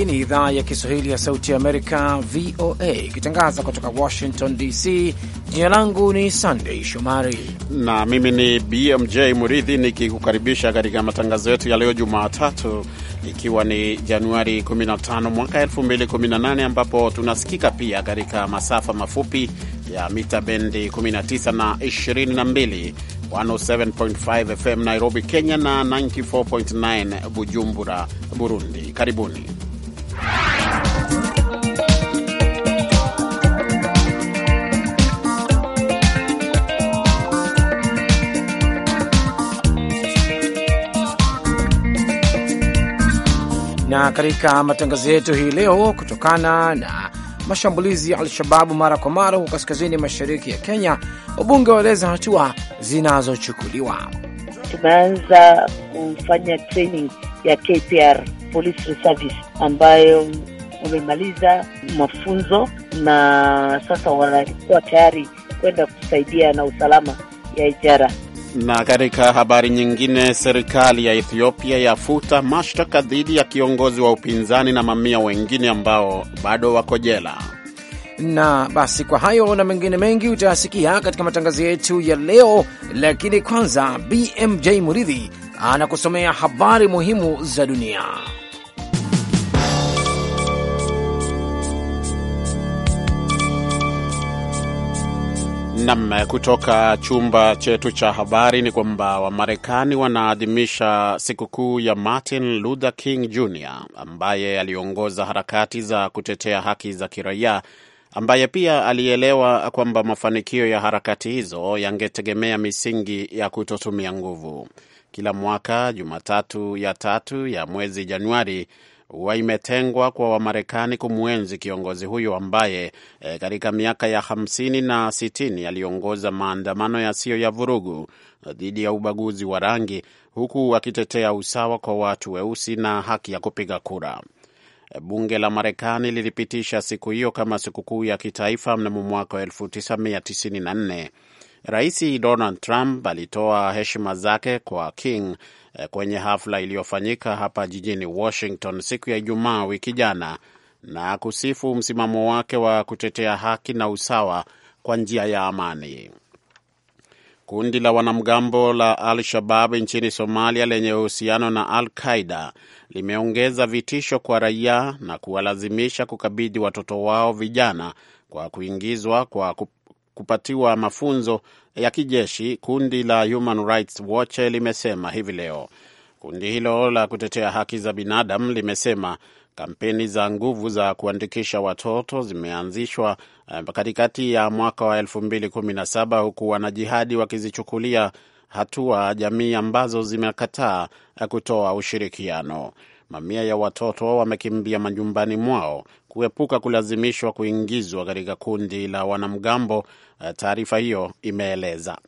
Hii ni idhaa ya Kiswahili ya Sauti Amerika, VOA, ikitangaza kutoka Washington DC. Jina langu ni sandey Shomari na mimi ni BMJ Muridhi, nikikukaribisha katika matangazo yetu ya leo Jumatatu, ikiwa ni Januari 15 mwaka 2018, ambapo tunasikika pia katika masafa mafupi ya mita bendi 19 na 22, 107.5 FM Nairobi, Kenya na 94.9 Bujumbura, Burundi. Karibuni. Na katika matangazo yetu hii leo, kutokana na mashambulizi ya Al-Shababu mara kwa mara huko kaskazini mashariki ya Kenya, wabunge waeleza hatua zinazochukuliwa. Tumeanza kufanya training ya KPR Police ambayo wamemaliza mafunzo na sasa wanakuwa tayari kwenda kusaidia na usalama ya ijara. Na katika habari nyingine, serikali ya Ethiopia yafuta mashtaka dhidi ya kiongozi wa upinzani na mamia wengine ambao bado wako jela. Na basi kwa hayo na mengine mengi utayasikia katika matangazo yetu ya leo, lakini kwanza BMJ Muridhi anakusomea habari muhimu za dunia. Nam, kutoka chumba chetu cha habari ni kwamba Wamarekani wanaadhimisha sikukuu ya Martin Luther King Jr ambaye aliongoza harakati za kutetea haki za kiraia, ambaye pia alielewa kwamba mafanikio ya harakati hizo yangetegemea misingi ya kutotumia nguvu. Kila mwaka Jumatatu ya tatu ya mwezi Januari huwa imetengwa kwa Wamarekani kumwenzi kiongozi huyo ambaye e, katika miaka ya hamsini na sitini aliongoza maandamano yasiyo ya vurugu eh, dhidi ya ubaguzi wa rangi huku akitetea usawa kwa watu weusi na haki ya kupiga kura. Eh, bunge la Marekani lilipitisha siku hiyo kama sikukuu ya kitaifa mnamo mwaka wa 1994. Rais Donald Trump alitoa heshima zake kwa King Eh, kwenye hafla iliyofanyika hapa jijini Washington siku ya Ijumaa wiki jana na kusifu msimamo wake wa kutetea haki na usawa kwa njia ya amani. Kundi la wanamgambo la Al Shabab nchini Somalia lenye uhusiano na Al Qaida limeongeza vitisho kwa raia na kuwalazimisha kukabidhi watoto wao vijana kwa kuingizwa kwa kupatiwa mafunzo ya kijeshi, kundi la Human Rights Watch limesema hivi leo. Kundi hilo la kutetea haki za binadamu limesema kampeni za nguvu za kuandikisha watoto zimeanzishwa eh, katikati ya mwaka wa 2017 huku wanajihadi wakizichukulia hatua jamii ambazo zimekataa eh, kutoa ushirikiano. Mamia ya watoto wamekimbia majumbani mwao kuepuka kulazimishwa kuingizwa katika kundi la wanamgambo, eh, taarifa hiyo imeeleza.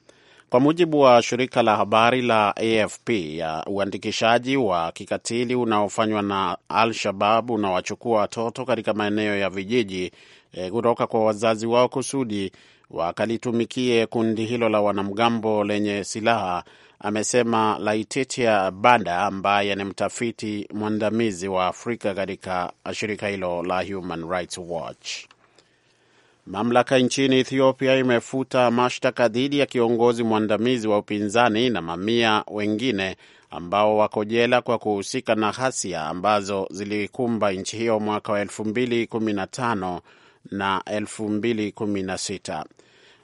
Kwa mujibu wa shirika la habari la AFP, ya uandikishaji wa kikatili unaofanywa na Al-Shabab unawachukua watoto katika maeneo ya vijiji eh, kutoka kwa wazazi wao kusudi wakalitumikie kundi hilo la wanamgambo lenye silaha, amesema Laetitia Banda ambaye ni mtafiti mwandamizi wa Afrika katika shirika hilo la Human Rights Watch. Mamlaka nchini Ethiopia imefuta mashtaka dhidi ya kiongozi mwandamizi wa upinzani na mamia wengine ambao wako jela kwa kuhusika na ghasia ambazo zilikumba nchi hiyo mwaka wa 2015 na 2016.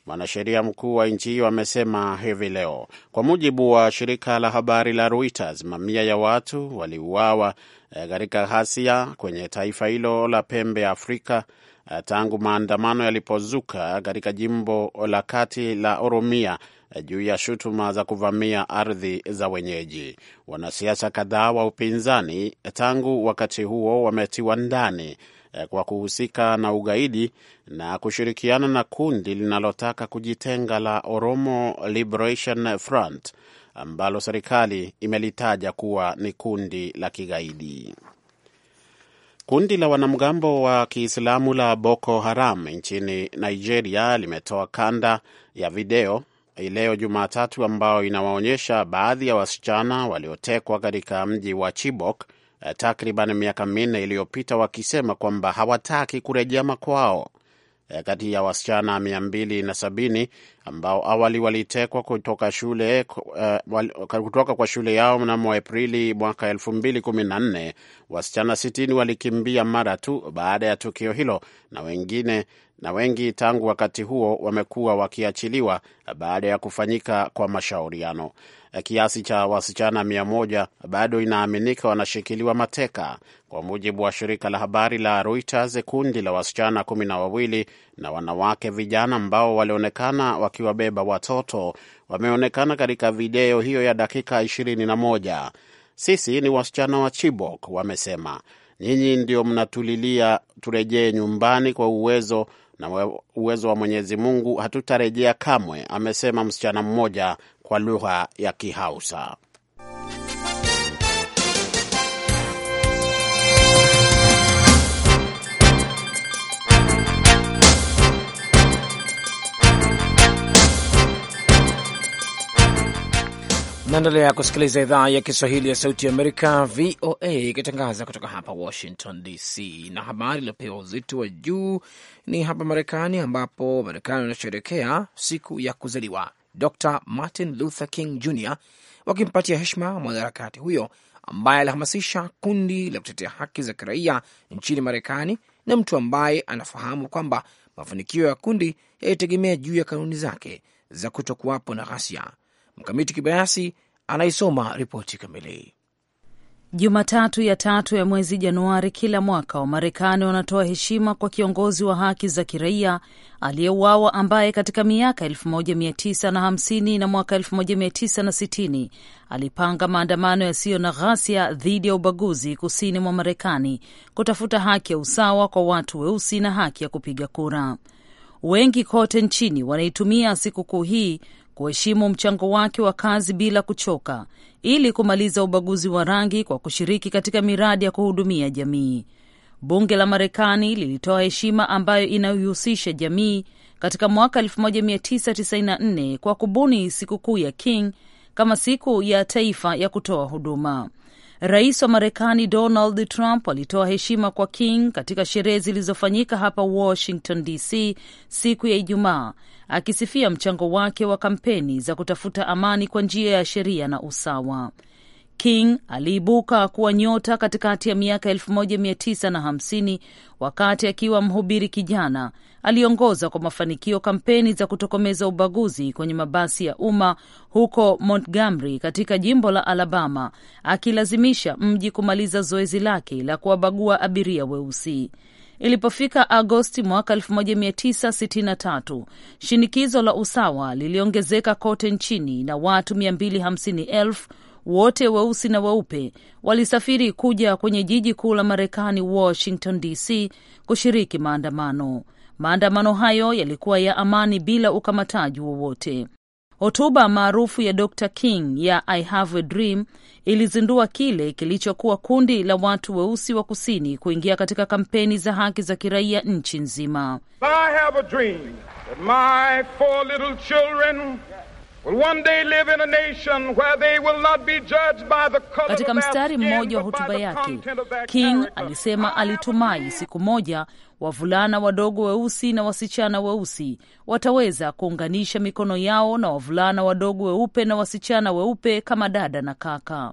Mwanasheria mkuu wa nchi hiyo amesema hivi leo. Kwa mujibu wa shirika la habari la Reuters, mamia ya watu waliuawa eh, katika ghasia kwenye taifa hilo la pembe ya Afrika eh, tangu maandamano yalipozuka katika jimbo la kati la Oromia eh, juu ya shutuma za kuvamia ardhi za wenyeji. Wanasiasa kadhaa wa upinzani tangu wakati huo wametiwa ndani Eh, kwa kuhusika na ugaidi na kushirikiana na kundi linalotaka kujitenga la Oromo Liberation Front ambalo serikali imelitaja kuwa ni kundi la kigaidi. Kundi la wanamgambo wa Kiislamu la Boko Haram nchini Nigeria limetoa kanda ya video leo Jumatatu, ambayo inawaonyesha baadhi ya wasichana waliotekwa katika mji wa Chibok Eh, takriban miaka minne iliyopita wakisema kwamba hawataki kurejea makwao. Eh, kati ya wasichana mia mbili na sabini ambao awali walitekwa kutoka shule eh, kutoka kwa shule yao mnamo Aprili mwaka elfu mbili kumi na nne wasichana sitini walikimbia mara tu baada ya tukio hilo na wengine na wengi tangu wakati huo wamekuwa wakiachiliwa baada ya kufanyika kwa mashauriano. Kiasi cha wasichana mia moja bado inaaminika wanashikiliwa mateka. Kwa mujibu wa shirika la habari la Reuters, kundi la wasichana kumi na wawili na wanawake vijana ambao walionekana wakiwabeba watoto wameonekana katika video hiyo ya dakika ishirini na moja. Sisi ni wasichana wa Chibok, wamesema. Nyinyi ndio mnatulilia turejee nyumbani kwa uwezo na uwezo wa Mwenyezi Mungu hatutarejea kamwe, amesema msichana mmoja kwa lugha ya Kihausa. Naendelea kusikiliza idhaa ya Kiswahili ya Sauti ya Amerika, VOA, ikitangaza kutoka hapa Washington DC. Na habari iliyopewa uzito wa juu ni hapa Marekani, ambapo Marekani wanasherekea siku ya kuzaliwa Dr Martin Luther King Jr, wakimpatia heshima mwanaharakati huyo ambaye alihamasisha kundi la kutetea haki za kiraia nchini Marekani na mtu ambaye anafahamu kwamba mafanikio ya kundi yalitegemea juu ya kanuni zake za kutokuwapo na ghasia. Mkamiti Kibayasi anaisoma ripoti kamili. Jumatatu ya tatu ya mwezi Januari kila mwaka Wamarekani wanatoa heshima kwa kiongozi wa haki za kiraia aliyeuawa ambaye katika miaka 1950 na mwaka 1960 alipanga maandamano yasiyo na ghasia dhidi ya ubaguzi kusini mwa Marekani kutafuta haki ya usawa kwa watu weusi na haki ya kupiga kura. Wengi kote nchini wanaitumia sikukuu hii kuheshimu mchango wake wa kazi bila kuchoka ili kumaliza ubaguzi wa rangi kwa kushiriki katika miradi ya kuhudumia jamii. Bunge la Marekani lilitoa heshima ambayo inayohusisha jamii katika mwaka 1994 kwa kubuni sikukuu ya King kama siku ya taifa ya kutoa huduma. Rais wa Marekani Donald Trump alitoa heshima kwa King katika sherehe zilizofanyika hapa Washington DC siku ya Ijumaa akisifia mchango wake wa kampeni za kutafuta amani kwa njia ya sheria na usawa. King aliibuka kuwa nyota katikati ya miaka 1950 wakati akiwa mhubiri kijana. Aliongoza kwa mafanikio kampeni za kutokomeza ubaguzi kwenye mabasi ya umma huko Montgomery katika jimbo la Alabama, akilazimisha mji kumaliza zoezi lake la kuwabagua abiria weusi. Ilipofika Agosti mwaka 1963 shinikizo la usawa liliongezeka kote nchini na watu 250,000 wote weusi na weupe walisafiri kuja kwenye jiji kuu la Marekani, Washington DC, kushiriki maandamano. Maandamano hayo yalikuwa ya amani bila ukamataji wowote. Hotuba maarufu ya Dr King ya I have a dream ilizindua kile kilichokuwa kundi la watu weusi wa kusini kuingia katika kampeni za haki za kiraia nchi nzima. Katika mstari mmoja wa hotuba yake King alisema alitumai siku moja wavulana wadogo weusi na wasichana weusi wataweza kuunganisha mikono yao na wavulana wadogo weupe na wasichana weupe kama dada na kaka.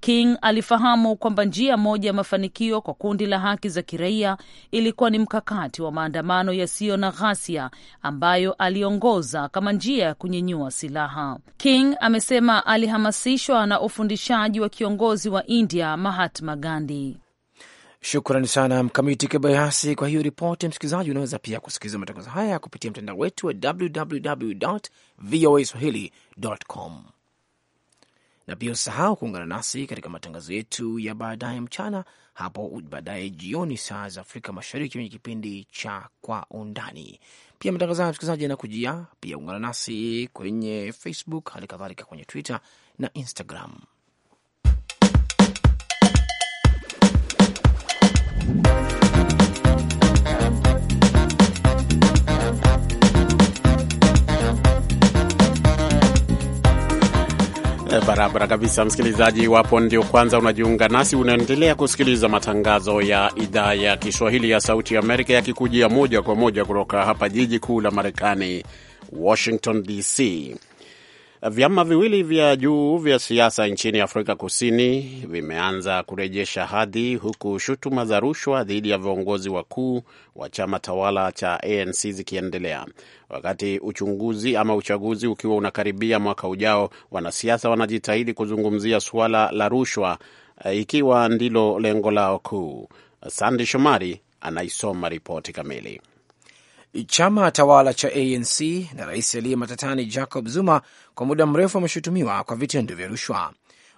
King alifahamu kwamba njia moja ya mafanikio kwa kundi la haki za kiraia ilikuwa ni mkakati wa maandamano yasiyo na ghasia ambayo aliongoza kama njia ya kunyenyua silaha. King amesema alihamasishwa na ufundishaji wa kiongozi wa India Mahatma Gandhi. Shukrani sana Mkamiti Kibayasi kwa hiyo ripoti. Msikilizaji, unaweza pia kusikiliza matangazo haya kupitia mtandao wetu wa www voa swahilicom, na pia usisahau kuungana nasi katika matangazo yetu ya baadaye mchana, hapo baadaye jioni, saa za Afrika Mashariki, kwenye kipindi cha Kwa Undani. Pia matangazo haya msikilizaji yanakujia pia, ungana nasi kwenye Facebook, hali kadhalika kwenye Twitter na Instagram. Eh, barabara kabisa, msikilizaji. Iwapo ndio kwanza unajiunga nasi, unaendelea kusikiliza matangazo ya idhaa ya Kiswahili ya Sauti Amerika yakikujia moja kwa moja kutoka hapa jiji kuu la Marekani, Washington DC. Vyama viwili vya juu vya siasa nchini Afrika Kusini vimeanza kurejesha hadhi huku shutuma za rushwa dhidi ya viongozi wakuu wa chama tawala cha ANC zikiendelea. Wakati uchunguzi ama uchaguzi ukiwa unakaribia mwaka ujao, wanasiasa wanajitahidi kuzungumzia suala la rushwa eh, ikiwa ndilo lengo lao kuu. Sandi Shomari anaisoma ripoti kamili. Chama tawala cha ANC na rais aliye matatani Jacob Zuma kwa muda mrefu wameshutumiwa kwa vitendo vya rushwa.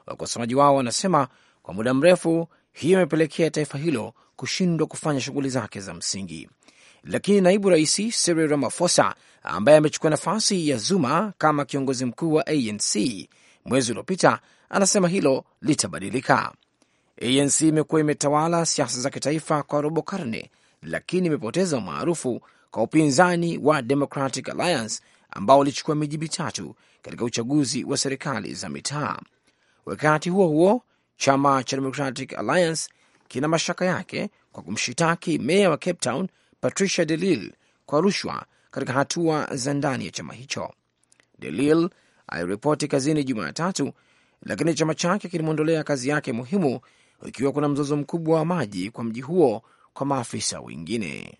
Wakosoaji wao wanasema kwa muda mrefu hiyo imepelekea taifa hilo kushindwa kufanya shughuli zake za msingi. Lakini naibu rais Cyril Ramaphosa ambaye amechukua nafasi ya Zuma kama kiongozi mkuu wa ANC mwezi uliopita, anasema hilo litabadilika. ANC imekuwa imetawala siasa za kitaifa kwa robo karne, lakini imepoteza umaarufu kwa upinzani wa Democratic Alliance ambao ulichukua miji mitatu katika uchaguzi wa serikali za mitaa. Wakati huo huo, chama cha Democratic Alliance kina mashaka yake kwa kumshitaki meya wa Cape Town Patricia de Lille kwa rushwa katika hatua za ndani ya chama hicho. De Lille aliripoti kazini Jumatatu, lakini chama chake kilimwondolea kazi yake muhimu, ikiwa kuna mzozo mkubwa wa maji kwa mji huo kwa maafisa wengine.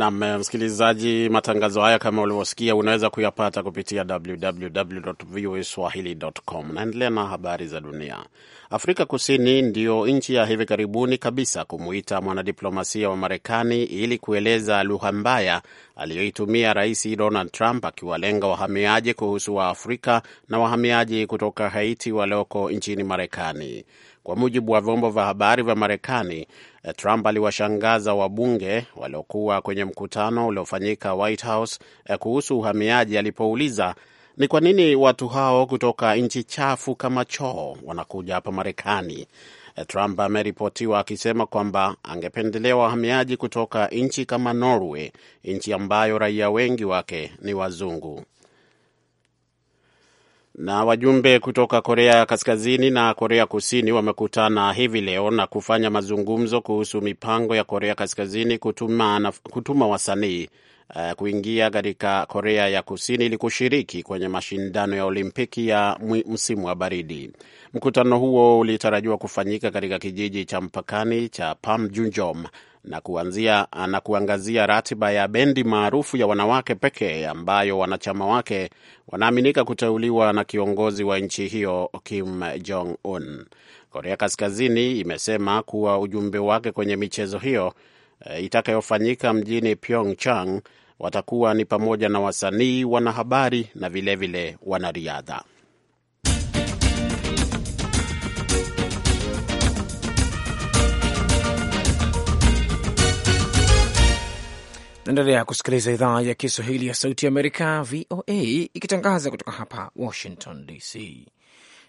Nam eh, msikilizaji, matangazo haya kama ulivyosikia, unaweza kuyapata kupitia www.voaswahili.com. Naendelea na habari za dunia. Afrika Kusini ndiyo nchi ya hivi karibuni kabisa kumuita mwanadiplomasia wa Marekani ili kueleza lugha mbaya aliyoitumia Rais Donald Trump akiwalenga wahamiaji kuhusu Waafrika na wahamiaji kutoka Haiti walioko nchini Marekani. Kwa mujibu wa vyombo vya habari vya Marekani, eh, Trump aliwashangaza wabunge waliokuwa kwenye mkutano uliofanyika White House eh, kuhusu uhamiaji alipouliza ni kwa nini watu hao kutoka nchi chafu kama choo wanakuja hapa Marekani. Eh, Trump ameripotiwa akisema kwamba angependelea wahamiaji kutoka nchi kama Norway, nchi ambayo raia wengi wake ni wazungu. Na wajumbe kutoka Korea Kaskazini na Korea Kusini wamekutana hivi leo na kufanya mazungumzo kuhusu mipango ya Korea Kaskazini kutuma, kutuma wasanii uh, kuingia katika Korea ya Kusini ili kushiriki kwenye mashindano ya Olimpiki ya msimu wa baridi. Mkutano huo ulitarajiwa kufanyika katika kijiji cha mpakani cha junjom na, kuanzia, na kuangazia ratiba ya bendi maarufu ya wanawake pekee ambayo wanachama wake wanaaminika kuteuliwa na kiongozi wa nchi hiyo Kim Jong Un. Korea Kaskazini imesema kuwa ujumbe wake kwenye michezo hiyo e, itakayofanyika mjini Pyeongchang watakuwa ni pamoja na wasanii, wanahabari na vilevile wanariadha. Naendelea kusikiliza idhaa ya Kiswahili ya Sauti Amerika, VOA, ikitangaza kutoka hapa Washington DC.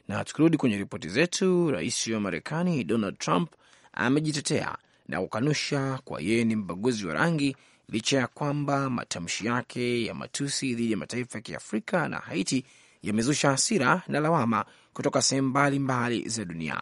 Na tukirudi kwenye ripoti zetu, rais wa Marekani Donald Trump amejitetea na kukanusha kwa yeye ni mbaguzi wa rangi, licha ya kwamba matamshi yake ya matusi dhidi ya mataifa ya Kiafrika na Haiti yamezusha hasira na lawama kutoka sehemu mbalimbali za dunia,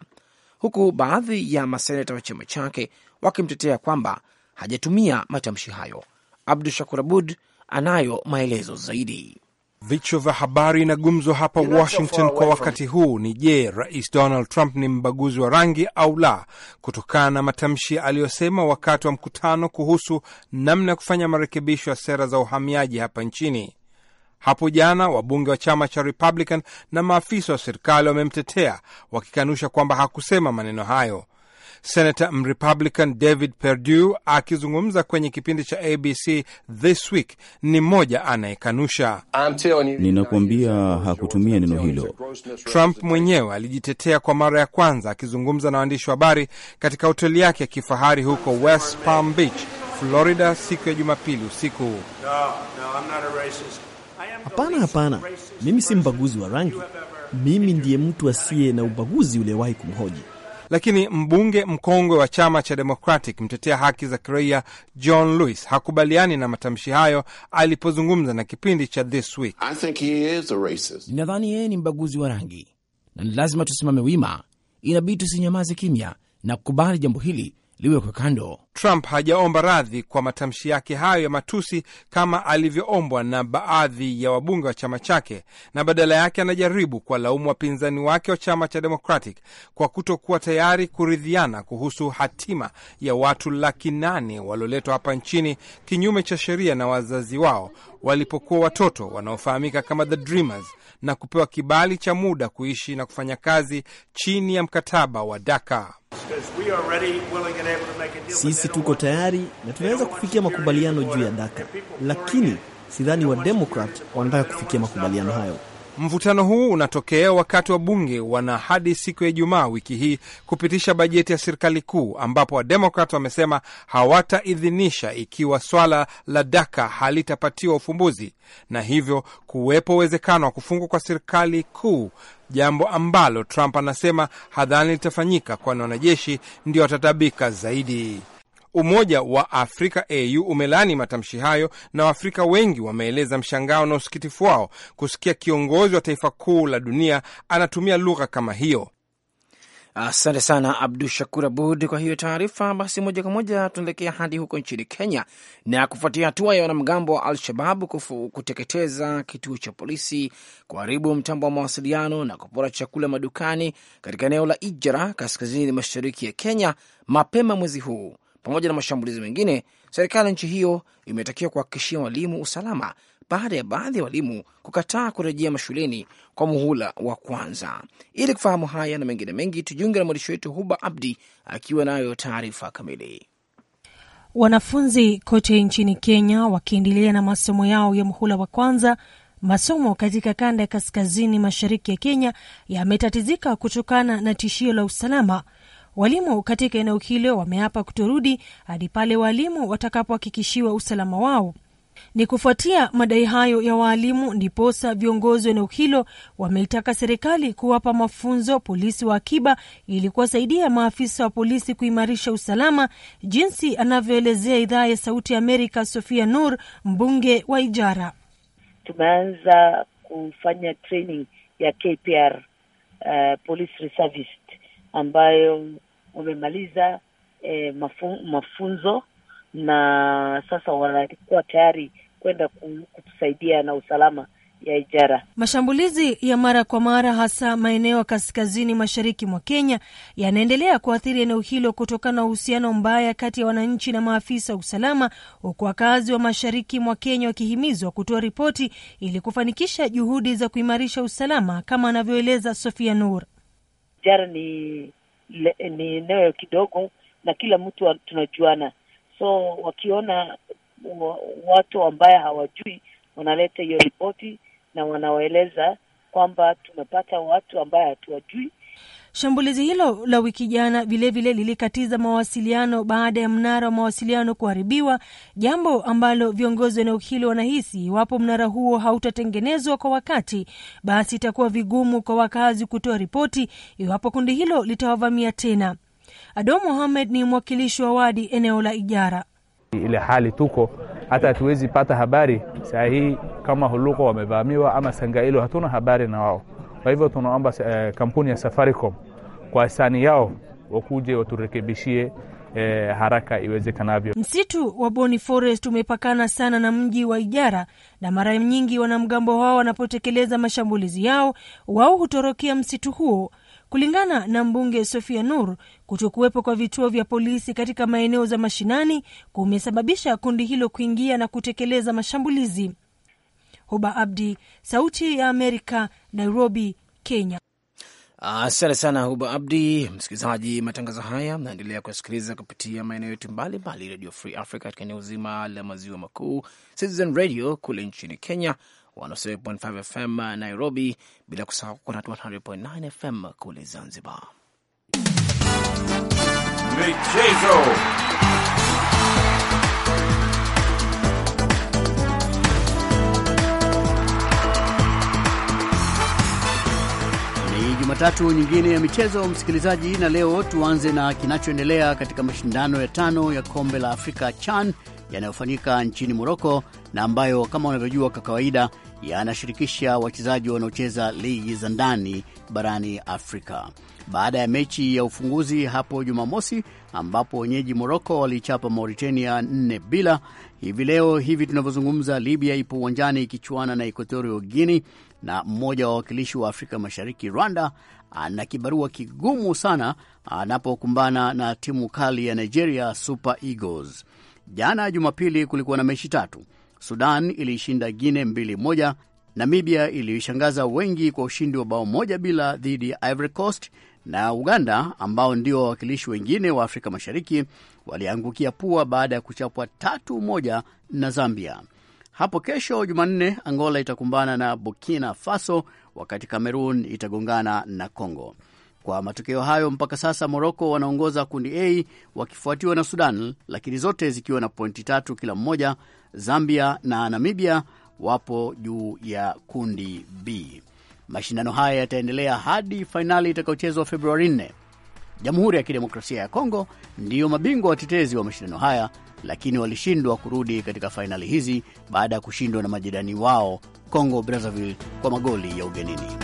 huku baadhi ya maseneta wa chama chake wakimtetea kwamba hajatumia matamshi hayo Abdu Shakur Abud anayo maelezo zaidi. Vichwa vya habari na gumzo hapa Washington kwa wakati huu ni je, Rais Donald Trump ni mbaguzi wa rangi au la, kutokana na matamshi aliyosema wakati wa mkutano kuhusu namna ya kufanya marekebisho ya sera za uhamiaji hapa nchini. Hapo jana wabunge wa chama cha Republican na maafisa wa serikali wamemtetea wakikanusha kwamba hakusema maneno hayo. Senator Mrepublican David Perdue akizungumza kwenye kipindi cha ABC This Week ni mmoja anayekanusha. Ninakuambia hakutumia neno hilo. Trump mwenyewe alijitetea kwa mara ya kwanza akizungumza na waandishi wa habari katika hoteli yake ya kifahari huko West Palm Beach, Florida siku ya Jumapili usiku. No, no, hapana, hapana, mimi si mbaguzi wa rangi. Mimi ndiye mtu asiye na ubaguzi uliyewahi kumhoji. Lakini mbunge mkongwe wa chama cha Democratic, mtetea haki za kiraia John Lewis hakubaliani na matamshi hayo alipozungumza na kipindi cha This Week. Ninadhani yeye ni mbaguzi wa rangi na ni lazima tusimame wima, inabidi tusinyamaze kimya na kukubali jambo hili liwekwe kando. Trump hajaomba radhi kwa matamshi yake hayo ya matusi kama alivyoombwa na baadhi ya wabunge wa chama chake, na badala yake anajaribu kuwalaumu wapinzani wake wa chama cha Democratic kwa kutokuwa tayari kuridhiana kuhusu hatima ya watu laki nane walioletwa hapa nchini kinyume cha sheria na wazazi wao walipokuwa watoto wanaofahamika kama the Dreamers na kupewa kibali cha muda kuishi na kufanya kazi chini ya mkataba wa Daka. Sisi tuko tayari na tunaweza kufikia makubaliano juu ya Daka, lakini sidhani Wademokrat wanataka kufikia makubaliano hayo. Mvutano huu unatokea wakati wa bunge wana hadi siku ya Ijumaa wiki hii kupitisha bajeti ya serikali kuu, ambapo wademokrat wamesema hawataidhinisha ikiwa swala la Daka halitapatiwa ufumbuzi, na hivyo kuwepo uwezekano wa kufungwa kwa serikali kuu jambo ambalo Trump anasema hadhani litafanyika, kwani wanajeshi ndio watatabika zaidi. Umoja wa Afrika au umelaani matamshi hayo na Waafrika wengi wameeleza mshangao na usikitifu wao kusikia kiongozi wa taifa kuu la dunia anatumia lugha kama hiyo. Asante sana Abdu Shakur Abud kwa hiyo taarifa. Basi moja kwa moja tunaelekea hadi huko nchini Kenya, na kufuatia hatua ya wanamgambo wa Al-Shababu kuteketeza kituo cha polisi, kuharibu mtambo wa mawasiliano na kupora chakula madukani katika eneo la Ijara, kaskazini mashariki ya Kenya mapema mwezi huu, pamoja na mashambulizi mengine, serikali ya nchi hiyo imetakiwa kuhakikishia walimu usalama baada ya baadhi ya walimu kukataa kurejea mashuleni kwa muhula wa kwanza. Ili kufahamu haya na mengine mengi, tujiunge na mwandishi wetu Huba Abdi akiwa nayo taarifa kamili. Wanafunzi kote nchini Kenya wakiendelea na masomo yao ya muhula wa kwanza masomo katika kanda ya kaskazini mashariki ya Kenya yametatizika kutokana na tishio la usalama. Walimu katika eneo hilo wameapa kutorudi hadi pale walimu watakapohakikishiwa usalama wao. Ni kufuatia madai hayo ya waalimu, ndiposa viongozi wa eneo hilo wameitaka serikali kuwapa mafunzo polisi wa akiba ili kuwasaidia maafisa wa polisi kuimarisha usalama, jinsi anavyoelezea idhaa ya Sauti ya Amerika Sofia Nur, mbunge wa Ijara. Tumeanza kufanya training ya KPR, uh, eh, police reservist ambayo wamemaliza eh, mafunzo na sasa wanakuwa tayari kwenda kutusaidia na usalama ya ijara. Mashambulizi ya mara kwa mara hasa maeneo ya kaskazini mashariki mwa Kenya yanaendelea kuathiri eneo hilo kutokana na uhusiano mbaya kati ya wananchi na maafisa wa usalama, huku wakazi wa mashariki mwa Kenya wakihimizwa kutoa ripoti ili kufanikisha juhudi za kuimarisha usalama, kama anavyoeleza Sofia Nur. Ijara ni eneo kidogo na kila mtu tunajuana, so wakiona watu ambaye hawajui wanaleta hiyo ripoti na wanawaeleza kwamba tumepata watu ambaye hatuwajui. Shambulizi hilo la wiki jana vilevile lilikatiza mawasiliano baada ya mnara wa mawasiliano kuharibiwa, jambo ambalo viongozi wa eneo hili wanahisi iwapo mnara huo hautatengenezwa kwa wakati, basi itakuwa vigumu kwa wakazi kutoa ripoti iwapo kundi hilo litawavamia tena. Ado Mohamed ni mwakilishi wa wadi eneo la Ijara. Ile hali tuko hata hatuwezi pata habari saa hii kama Huluko wamevamiwa ama Sangailo, hatuna habari na wao. Kwa hivyo tunaomba eh, kampuni ya Safaricom kwa hisani yao wakuje waturekebishie eh, haraka iwezekanavyo. Msitu wa Boni Forest umepakana sana na mji wa Ijara, na mara nyingi wanamgambo hao wanapotekeleza mashambulizi yao, wao hutorokea msitu huo Kulingana na mbunge Sofia Nur, kutokuwepo kwa vituo vya polisi katika maeneo za mashinani kumesababisha kundi hilo kuingia na kutekeleza mashambulizi. Huba Abdi, Sauti ya Amerika, Nairobi, Kenya. Asante sana Huba Abdi. Msikilizaji, matangazo haya mnaendelea kuyasikiliza kupitia maeneo yetu mbalimbali, Radio Free Africa katika eneo zima la maziwa makuu, Citizen Radio kule nchini Kenya, 107.5 FM uh, Nairobi, bila kusahau kuna 100.9 FM kule Zanzibar. Michezo. Jumatatu nyingine ya michezo, msikilizaji, na leo tuanze na kinachoendelea katika mashindano ya tano ya kombe la Afrika CHAN yanayofanyika nchini Moroko na ambayo kama unavyojua kwa kawaida yanashirikisha wachezaji wanaocheza ligi za ndani barani Afrika baada ya mechi ya ufunguzi hapo Jumamosi ambapo wenyeji Moroko waliichapa Mauritania nne bila. Hivi leo hivi tunavyozungumza, Libya ipo uwanjani ikichuana na Equatorio Guini, na mmoja wa wawakilishi wa Afrika Mashariki, Rwanda, ana kibarua kigumu sana anapokumbana na timu kali ya Nigeria, Super Eagles. Jana Jumapili kulikuwa na mechi tatu Sudan iliishinda Guine 2 Namibia iliishangaza wengi kwa ushindi wa bao moja bila dhidi ya Ivory Coast, na Uganda ambao ndio wawakilishi wengine wa Afrika Mashariki waliangukia pua baada ya kuchapwa tatu moja na Zambia. Hapo kesho Jumanne, Angola itakumbana na Burkina Faso wakati cameron itagongana na Congo. Kwa matokeo hayo, mpaka sasa Moroko wanaongoza kundi A wakifuatiwa na Sudan, lakini zote zikiwa na pointi tatu kila mmoja, Zambia na Namibia wapo juu ya kundi B. Mashindano haya yataendelea hadi fainali itakayochezwa Februari 4. Jamhuri ya Kidemokrasia ya Kongo ndiyo mabingwa watetezi wa mashindano haya, lakini walishindwa kurudi katika fainali hizi baada ya kushindwa na majirani wao Kongo Brazzaville kwa magoli ya ugenini.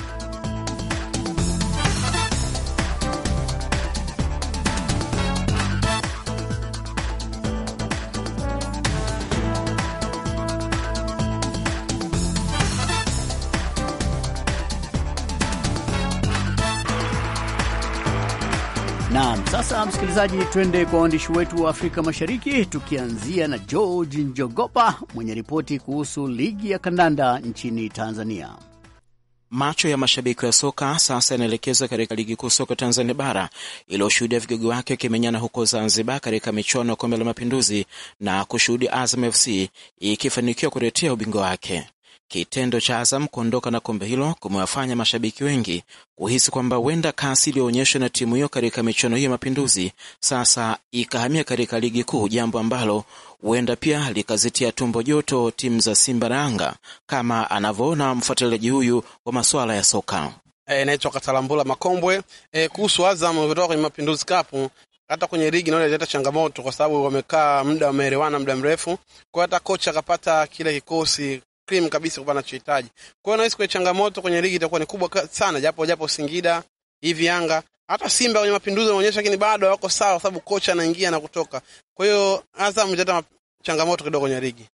msikilizaji, twende kwa waandishi wetu wa Afrika Mashariki, tukianzia na George Njogopa mwenye ripoti kuhusu ligi ya kandanda nchini Tanzania. Macho ya mashabiki wa soka sasa yanaelekezwa katika ligi kuu soka Tanzania bara iliyoshuhudia vigogo wake wakimenyana huko Zanzibar katika michuano ya kombe la Mapinduzi na kushuhudia Azam FC ikifanikiwa kutetea ubingwa wake. Kitendo cha Azam kuondoka na kombe hilo kumewafanya mashabiki wengi kuhisi kwamba huenda kasi iliyoonyeshwa na timu hiyo katika michuano hiyo ya Mapinduzi sasa ikahamia katika ligi kuu, jambo ambalo huenda pia likazitia tumbo joto timu za Simba na Yanga, kama anavyoona mfuatiliaji huyu wa masuala ya soka. E, naitwa Katalambula Makombwe. E, kuhusu Azam kutoka kwenye Mapinduzi kapu hata kwenye ligi naona inaleta changamoto kwa sababu wamekaa muda wameelewana muda mrefu, kwa hata kocha akapata kile kikosi cream kabisa kwa anachohitaji. Kwa hiyo nahisi kwa changamoto kwenye ligi itakuwa ni kubwa sana, japo japo Singida hivi Yanga hata Simba kwenye mapinduzi wanaonyesha, lakini bado wako sawa, kwa sababu kocha anaingia na kutoka. Kwa hiyo Azam italeta changamoto kidogo kwenye ligi,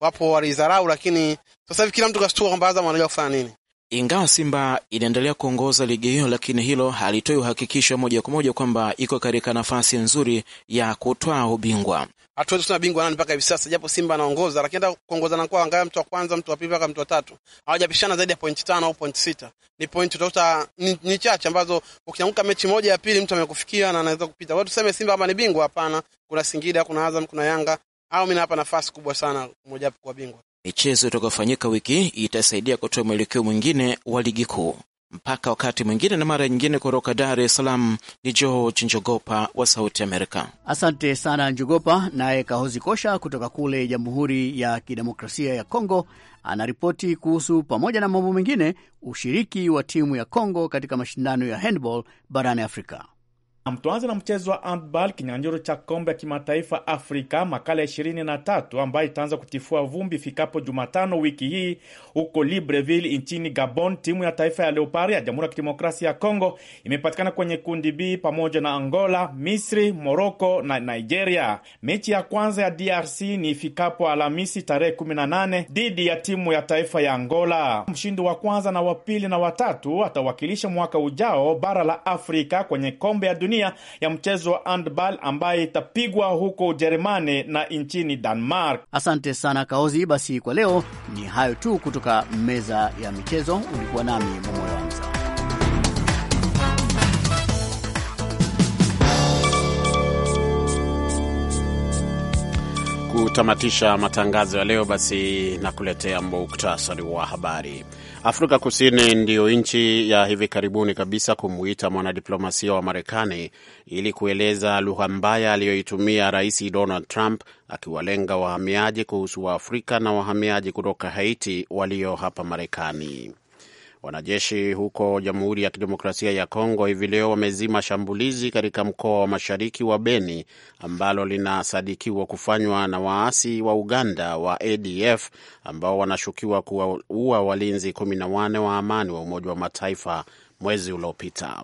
wapo walizarau, lakini sasa hivi kila mtu kastuka kwamba Azam anajua kufanya nini. Ingawa Simba inaendelea kuongoza ligi hiyo, lakini hilo halitoi uhakikisho moja kwa moja kwamba iko katika nafasi nzuri ya kutwaa ubingwa. Hatuwezi kusema bingwa nani mpaka hivi sasa, japo Simba anaongoza, lakini hata kuongoza kwa angalia mtu wa kwanza, mtu wa pili mpaka mtu wa tatu hawajapishana zaidi ya pointi tano au pointi sita. Ni pointi utakuta ni, ni chache ambazo ukianguka mechi moja ya pili mtu amekufikia na anaweza kupita. Wao tuseme Simba hapa ni bingwa? Hapana, kuna Singida, kuna Azam, kuna Yanga au mimi hapa nafasi kubwa sana mojawapo kwa bingwa. Michezo itakayofanyika wiki itasaidia kutoa mwelekeo mwingine wa ligi kuu. Mpaka wakati mwingine na mara nyingine, kutoka Dar es Salaam ni George Njogopa wa Sauti Amerika. Asante sana Njogopa. Naye Kahozi Kosha kutoka kule Jamhuri ya Kidemokrasia ya Kongo anaripoti kuhusu, pamoja na mambo mengine, ushiriki wa timu ya Kongo katika mashindano ya handball barani Afrika. Mtuanze na mchezo wa handball, kinyanjuro cha kombe ya kimataifa Afrika makala ya 23 ambayo itaanza kutifua vumbi ifikapo Jumatano wiki hii huko Libreville nchini Gabon. Timu ya taifa ya Leopard ya Jamhuri ya Kidemokrasia ya Kongo imepatikana kwenye kundi B pamoja na Angola, Misri, Moroko na Nigeria. Mechi ya kwanza ya DRC ni ifikapo Alhamisi tarehe 18 dhidi ya timu ya taifa ya Angola. Mshindi wa kwanza na wa pili na watatu atawakilisha mwaka ujao bara la Afrika kwenye kombe ya dunia dunia ya mchezo wa handball ambaye itapigwa huko Ujerumani na nchini Denmark. Asante sana Kaozi. Basi kwa leo ni hayo tu kutoka meza ya michezo. Ulikuwa nami Mwamoyo Hamza. Kutamatisha matangazo ya leo, basi nakuletea muktasari wa habari. Afrika Kusini ndiyo nchi ya hivi karibuni kabisa kumuita mwanadiplomasia wa Marekani ili kueleza lugha mbaya aliyoitumia Rais Donald Trump akiwalenga wahamiaji kuhusu Waafrika na wahamiaji kutoka Haiti walio hapa Marekani. Wanajeshi huko Jamhuri ya Kidemokrasia ya Kongo hivi leo wamezima shambulizi katika mkoa wa mashariki wa Beni ambalo linasadikiwa kufanywa na waasi wa Uganda wa ADF ambao wanashukiwa kuwaua walinzi kumi na wane wa amani wa Umoja wa Mataifa mwezi uliopita.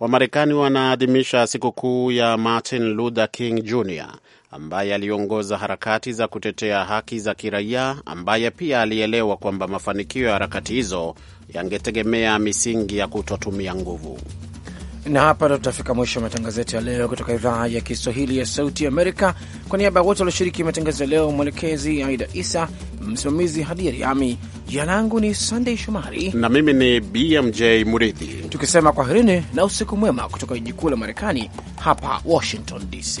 Wamarekani wanaadhimisha sikukuu ya Martin Luther King Jr ambaye aliongoza harakati za kutetea haki za kiraia, ambaye pia alielewa kwamba mafanikio ya harakati hizo yangetegemea misingi ya kutotumia nguvu. Na hapa ndo tutafika mwisho wa matangazo yetu ya leo kutoka idhaa ya Kiswahili ya Sauti Amerika. Kwa niaba ya wote walioshiriki matangazo ya leo, mwelekezi Aida Isa, msimamizi Hadi Yariami, jina langu ni Sandey Shomari na mimi ni BMJ Muridhi, tukisema kwaherini na usiku mwema kutoka jiji kuu la Marekani, hapa Washington DC.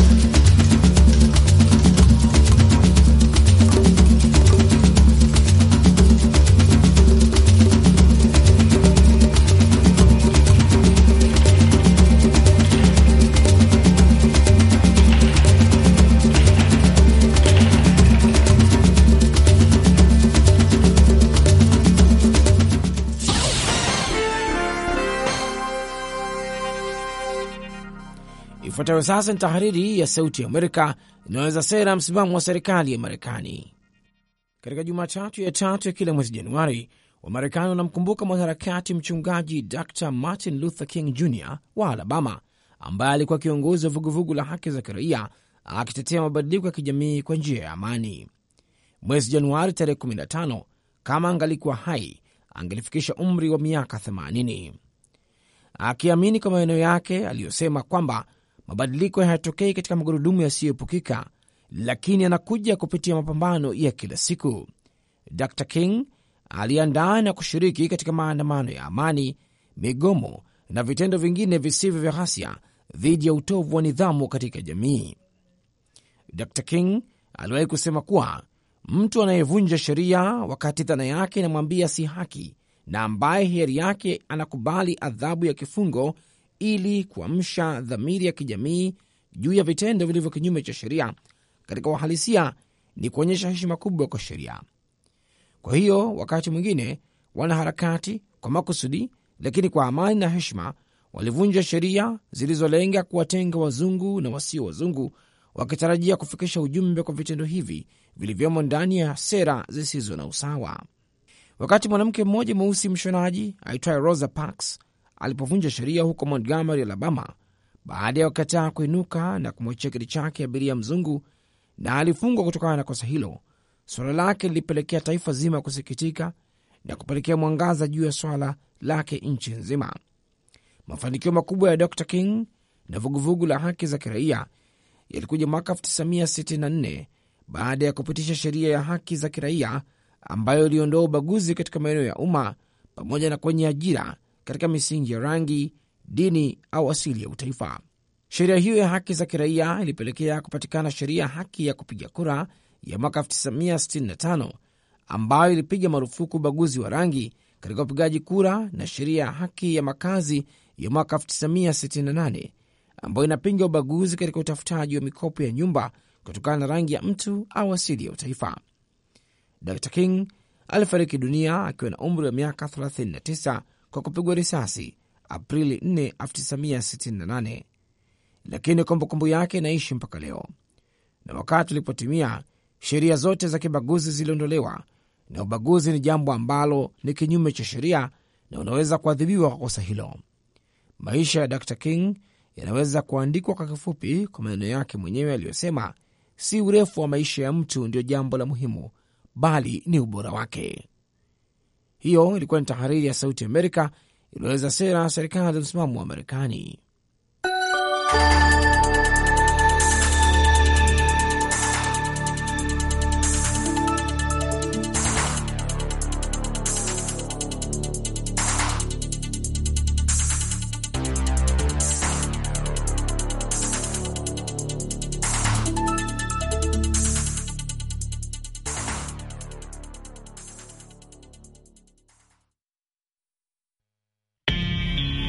Ifuatayo sasa ni tahariri ya Sauti ya Amerika inayoweza sera msimamo wa serikali ya Marekani. Katika Jumatatu ya tatu ya kila mwezi Januari, Wamarekani wanamkumbuka mwanaharakati mchungaji Dr Martin Luther King Jr wa Alabama, ambaye alikuwa kiongozi wa vuguvugu la haki za kiraia akitetea mabadiliko ya kijamii kwa njia ya amani. Mwezi Januari tarehe 15, kama angalikuwa hai, angelifikisha umri wa miaka 80, akiamini kwa maeneo yake aliyosema kwamba Mabadiliko hayatokei katika magurudumu yasiyoepukika, lakini yanakuja kupitia mapambano ya kila siku. Dr King aliandaa na kushiriki katika maandamano ya amani, migomo na vitendo vingine visivyo vya ghasia dhidi ya utovu wa nidhamu katika jamii. Dr King aliwahi kusema kuwa mtu anayevunja sheria wakati dhana yake inamwambia si haki, na ambaye hiari yake anakubali adhabu ya kifungo ili kuamsha dhamiri ya kijamii juu ya vitendo vilivyo kinyume cha sheria katika uhalisia ni kuonyesha heshima kubwa kwa sheria. Kwa hiyo wakati mwingine wanaharakati kwa makusudi, lakini kwa amani na heshima, walivunja sheria zilizolenga kuwatenga wazungu na wasio wazungu, wakitarajia kufikisha ujumbe kwa vitendo hivi vilivyomo ndani ya sera zisizo na usawa. Wakati mwanamke mmoja mweusi mshonaji aitwaye Rosa Parks alipovunja sheria huko Montgomery, Alabama, baada ya kukataa kuinuka na kumwachia kiti chake abiria mzungu, na alifungwa kutokana na kosa hilo. Suala lake lilipelekea taifa zima kusikitika na kupelekea mwangaza juu ya swala lake nchi nzima. Mafanikio makubwa ya Dr King na vuguvugu la haki za kiraia yalikuja mwaka 1964 baada ya kupitisha sheria ya haki za kiraia ambayo iliondoa ubaguzi katika maeneo ya umma pamoja na kwenye ajira katika misingi ya rangi, dini au asili ya utaifa. Sheria hiyo ya haki za kiraia ilipelekea kupatikana sheria ya haki ya kupiga kura ya mwaka 1965 ambayo ilipiga marufuku ubaguzi wa rangi katika upigaji kura na sheria ya haki ya makazi ya mwaka 1968 ambayo inapinga ubaguzi katika utafutaji wa mikopo ya nyumba kutokana na rangi ya mtu au asili ya utaifa. Dr King alifariki dunia akiwa na umri wa miaka 39 kwa kupigwa risasi Aprili 4, 1968, lakini kumbukumbu yake inaishi mpaka leo. Na wakati ulipotimia, sheria zote za kibaguzi ziliondolewa, na ubaguzi ni jambo ambalo ni kinyume cha sheria na unaweza kuadhibiwa kwa kosa hilo. Maisha ya Dr King yanaweza kuandikwa kwa kifupi kwa maneno yake mwenyewe aliyosema, si urefu wa maisha ya mtu ndio jambo la muhimu, bali ni ubora wake. Hiyo ilikuwa ni tahariri ya Sauti Amerika iliyoeleza sera ya serikali msimamo wa Marekani.